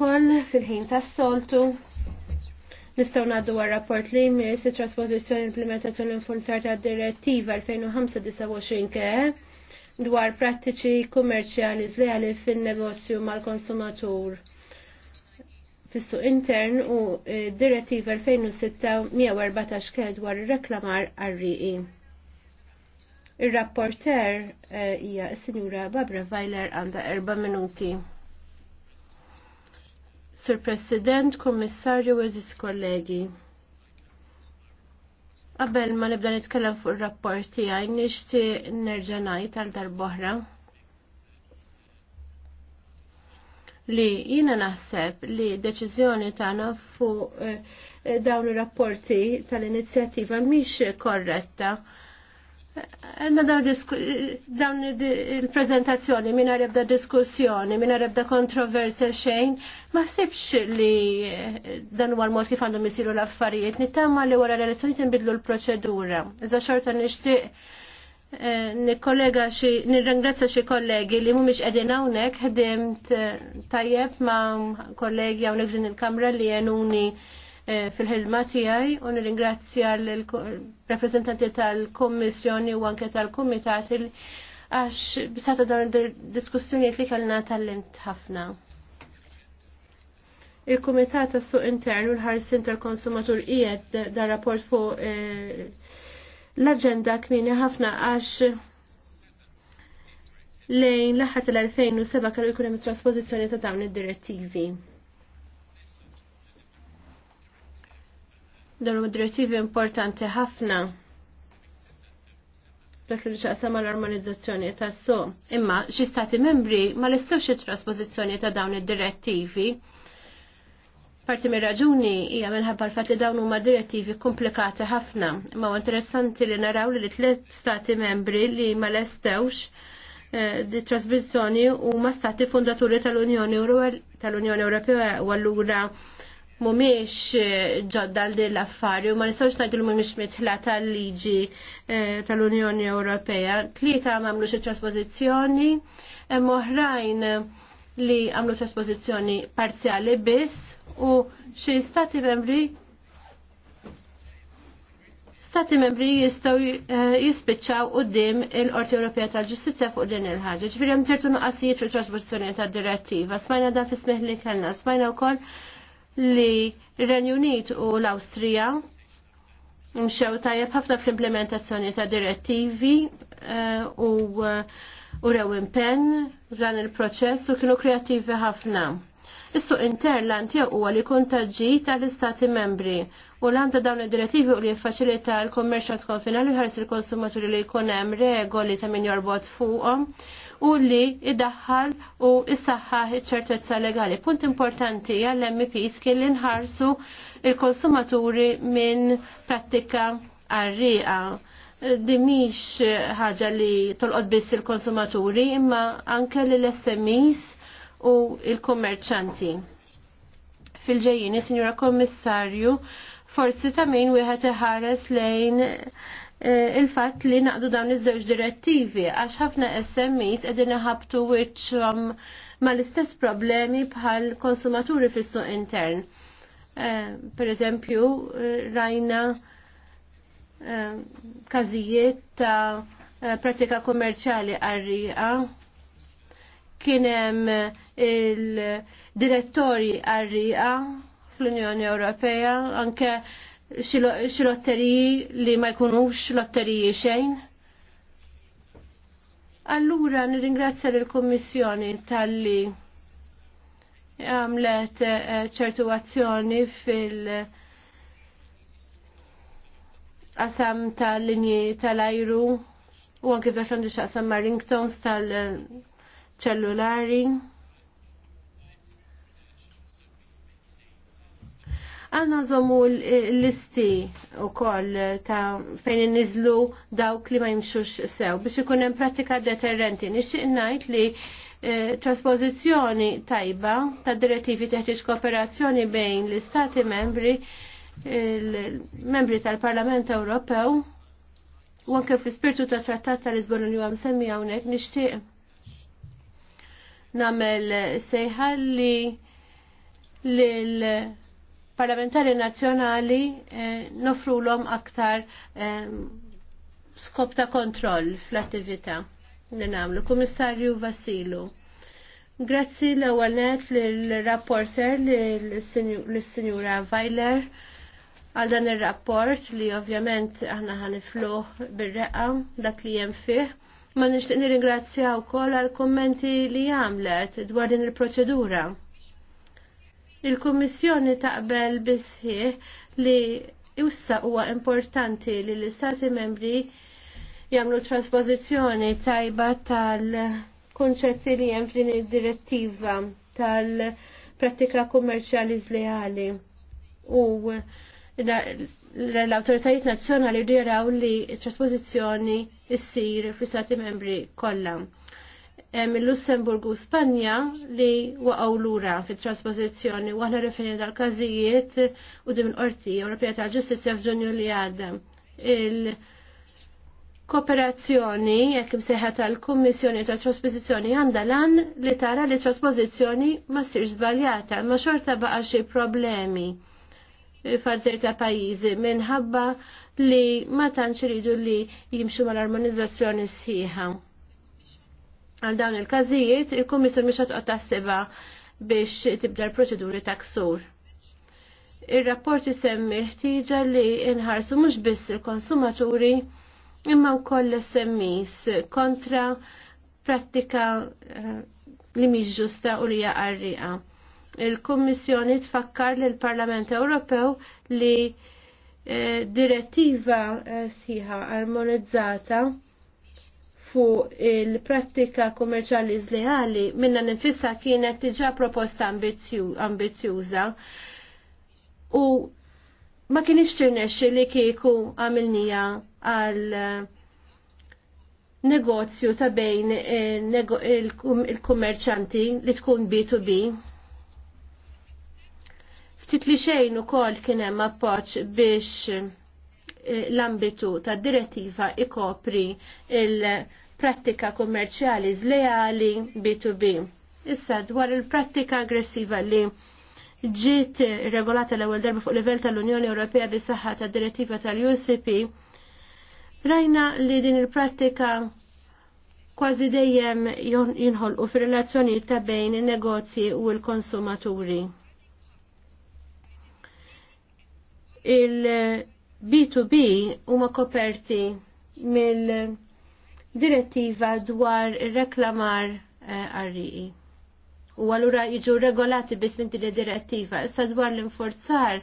koll fil-ħin tas-soltu. Nistgħu naddu għal rapport li jmiss it-trasposizzjoni implementazzjoni funzjar ta' direttiva 2025 ke dwar prattiċi kummerċjali żleali fin-negozju mal-konsumatur fis-suq intern u eh, direttiva 2006-114 ke dwar ir-reklamar għar-riqi. Ir-rapporter eh, hija s-Sinjura Babra Vajler għandha erba' minuti. Sur President, Kommissarju, Eżis kollegi. Qabel ma nibda nitkellem fuq ir rapporti għaj nixti nerġanaj ngħid għal li jiena naħseb li deċiżjoni tagħna fuq eh, dawn ir-rapporti tal-inizjattiva mhix korretta Għanna dawn il-prezentazzjoni minna rebda diskussjoni, minna rebda kontroversja xejn, ma sebx li eh, dan huwa l-mod kif għandhom isiru l-affarijiet, nittama li wara l-elezzjoni tinbidlu l-proċedura. Iza xorta nixtieq eh, nikollega xi nirringrazzja xi kollegi li mumiex edin hawnhekk għedimt eh, tajjeb ma' kollegi hawnhekk zin il-kamra li jenuni Eh, fil-ħilma tiegħi u nirringrazzja l-rappreżentanti tal-Kommissjoni u anke tal-Kumitat għax bisata id diskussjonijiet li kellna tal lint ħafna. Il-Kumitat tas-Suq Intern u l-Ħarsin tal-Konsumatur qiegħed dar rapport fuq eh, l-aġenda kmini ħafna għax lejn l-aħħar tal-2007 kellu jkun hemm trasposizzjoni ta' dawn id-direttivi. Dan u direttivi importanti ħafna dak li ċaqsam l-armonizzazzjoni ta' so. Imma xi stati membri ma lestewx it-trasposizzjoni ta' dawn id-direttivi. Parti mir raġuni hija minħabba l-fatt li dawn huma direttivi komplikati ħafna. Imma huwa interessanti li naraw li tliet stati membri li ma lestewx eh, di trasposizzjoni huma stati fondaturi tal-Unjoni Europea u allura mumiex eh, ġodda l din l-affari u ma nistawx najdu li mumiex mitħla tal-liġi eh, tal-Unjoni Ewropea. Tlieta ma għamlux il-trasposizjoni, moħrajn li għamlu trasposizjoni parzjali biss u xi stati membri stati membri jistaw eh, jispiċċaw qudiem il-Qorti Ewropea tal-Ġustizzja fuq din il-ħaġa. Ġifieri hemm ċertu nuqqasijiet fil-trasposizzjoni tad-direttiva. Smajna dan fis li kellna, smajna wkoll li r-Renju u l-Awstrija mxew tajjeb ħafna fl-implementazzjoni ta' direttivi eh, u eh, u Rewin Pen dan il-proċess u kienu kreattivi ħafna. Is-suq intern l tiegħu huwa li jkun taġġi tal-istati membri u l ta' dawn id-direttivi u li jiffaċilita l-kummerċ transkonfinali ħares il-konsumaturi li jkun hemm regoli ta' min jorbot fuqhom u li iddaħħal u issaħħaħ iċ-ċertezza legali. Punt importanti għall-MPs kelli nħarsu il-konsumaturi minn prattika għarriqa dimix ħaġa li tolqot biss il-konsumaturi imma anke l smis u il-kommerċanti. Fil-ġejjini, Sinjura Kommissarju, forsi ta' min wieħed iħares lejn Eh, il-fatt li naqdu dawn iż-żewġ direttivi għax ħafna SMEs qegħdin iħabtu wiċċhom mal-istess problemi bħal konsumaturi fis-suq intern. Eh, per eżempju, eh, rajna każijiet ta' pratika kummerċjali għarriqa hemm il-direttori għarriqa fl-Unjoni Ewropea, anke xi lotteriji li ma jkunux lotteriji xejn. Allura nirringrazzja lill kummissjoni talli għamlet eh, ċertu azzjoni fil- qasam tal-linji tal-ajru u anke dak għandu xaqsam ma' ringtones tal-ċellulari. Għanna zomu l-listi u koll ta' fejn nizlu dawk li ma jimxux sew biex ikun hemm pratika deterrenti. Nixtieq ngħid li eh, trasposizjoni tajba ta' direttivi teħtieġ kooperazzjoni bejn l-Istati membri, membri tal-Parlament Ewropew u anke fl-ispirtu ta' trattat tal-Lisbon li għam semmi hawnhekk nixtieq. Namel sejħalli lil parlamentari nazzjonali eh, nofrulhom aktar ehm, skop ta' kontroll fl-attività li nagħmlu. Kummissarju Vasilu. Grazzi l-ewwel l rapporter l sinjura Weiler għal dan ir-rapport li ovvjament aħna ħanifluh bir-reqa dak li hemm fih. Ma nixtieq nirringrazzja wkoll għall kummenti li għamlet dwar din il-proċedura. Il-Kummissjoni taqbel bisħieħ li issa huwa importanti li l-Istati membri jagħmlu traspożizzjoni tajba tal-kunċetti li hemm f'din id-direttiva tal-prattika kummerċjali żleali u l-autoritajiet nazzjonali diraw li traspożizzjoni issir fl-Istati membri kollha. Eh, mill-Lussemburgu u Spanja li waqgħu lura fit-trasposizzjoni u aħna tal dal-każijiet u dim qorti Ewropea tal-Ġustizzja f'Ġunju li għadda. Il-kooperazzjoni jekk imseħħa tal-Kummissjoni tal-Trasposizzjoni għandha lan li tara li trasposizzjoni ma ssir żbaljata, ma xorta baqa' xi problemi farżer ta' pajjiżi minħabba li ma tantx iridu li jimxu mal-armonizzazzjoni sħiħa għal dawn il-każijiet, il-Kummissjoni mhix qed taħsibha biex tibda l-proċeduri ta' ksur. Ir-rapport isemmi ħtieġa li nħarsu mhux biss il-konsumaturi imma wkoll l-SMEs kontra prattika eh, li mhix ġusta u li hija qarriqa. Il-Kummissjoni tfakkar lill parlament Ewropew li eh, direttiva eh, sħiħa armonizzata fuq il-prattika kummerċali zleħali minna nifissa kienet tiġa proposta ambizjuża u ma kien ixtirnex li kieku għamilnija għal negozju ta' bejn eh, il-kummerċanti li tkun B2B. Ftit li xejn ukoll kien hemm appoġġ biex l-ambitu ta' direttiva ikopri il-prattika kommerċjali zlejali B2B. Issa dwar il-prattika aggressiva li ġiet regolata l-ewwel darba fuq livell tal-Unjoni Ewropea bis saħħa tad direttiva tal-UCP, rajna li din il-prattika kważi dejjem jinħolqu fir-relazzjonijiet ta' bejn in-negozji u l-konsumaturi. Il- B2B huma koperti mill-direttiva dwar reklamar għarriqi. Eh, e. U għallura jiġu regolati biss minn din id-direttiva. Issa dwar l-inforzar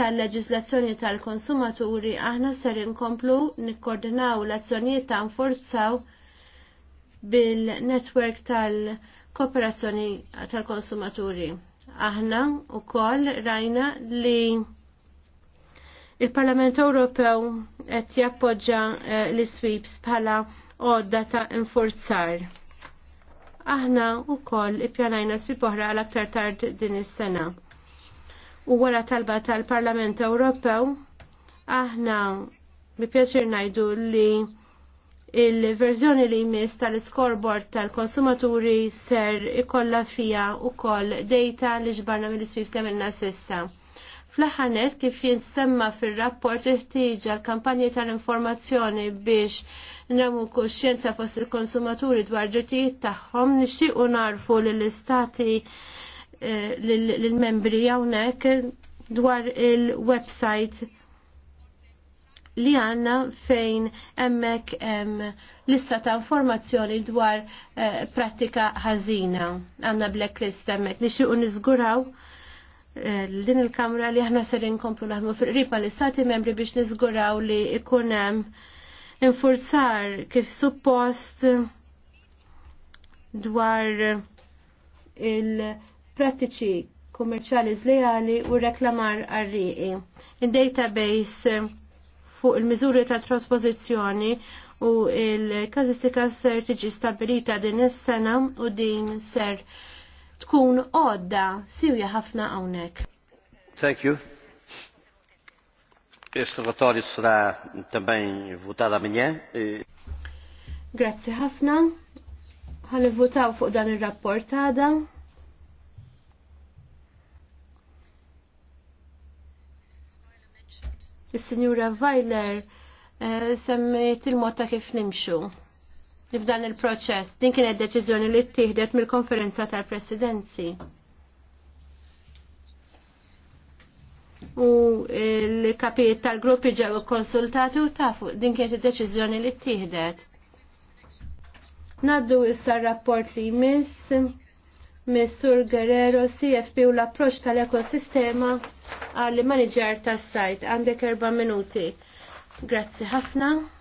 tal-leġislazzjoni tal-konsumaturi aħna ser inkomplu nikkoordinaw l-azzjonijiet ta' nforzaw bil-netwerk tal-kooperazzjoni tal-konsumaturi. Aħna u koll rajna li Il-Parlament Ewropew qed jappoġġa eh, l-sweeps bħala għodda ta' infurzar. Aħna wkoll ippjanajna sweep oħra għal aktar tard din is-sena. U wara talba tal-Parlament Ewropew, aħna bi pjaċir ngħidu li il-verżjoni li jmiss tal-scoreboard tal-konsumaturi ser ikolla fija u koll data li ġbarna mill-isfif temilna sissa. Fl-aħħar net kif jinsemma fir-rapport irtiġa l-kampanji tal-informazzjoni biex nemmu kuxjenza fost il-konsumaturi dwar ġetijiet tagħhom nixtiequ narfu lill-istati eh, lill-membri hawnhekk dwar il-website li għanna fejn emmek em, lista ta' informazzjoni dwar eh, pratika ħażina. Għanna blacklist emmek li xie unizguraw Eh, din il-kamra li aħna ser inkomplu naħdmu fil-qriba l-istati membri biex niżguraw li ikun hemm infurzar kif suppost dwar il-prattiċi kommerċali zlejali u reklamar arriqi. Il-database eh, fuq il-miżuri ta' trasposizjoni u il-kazistika ser tiġi stabilita din is-sena u din ser tkun għodda siwja ħafna hawnhekk. Thank you. Este relatório será também votado amanhã. E- Grazie ħafna. Għalli votaw fuq dan il-rapport għada. Il-Sinjura Weiler eh, semmiet il-mod ta' kif nimxu li f'dan il-proċess din kienet deċiżjoni li ttieħdet mill-konferenza tal-presidenzi. U l-kapijiet tal-gruppi ġew konsultati u tafu din kienet id-deċiżjoni li ttieħdet. Naddu issa rapport li jmiss Messur Guerrero CFP u l-approċ tal-ekosistema għall-manager tas-sajt għandek erba' minuti. Grazzi ħafna.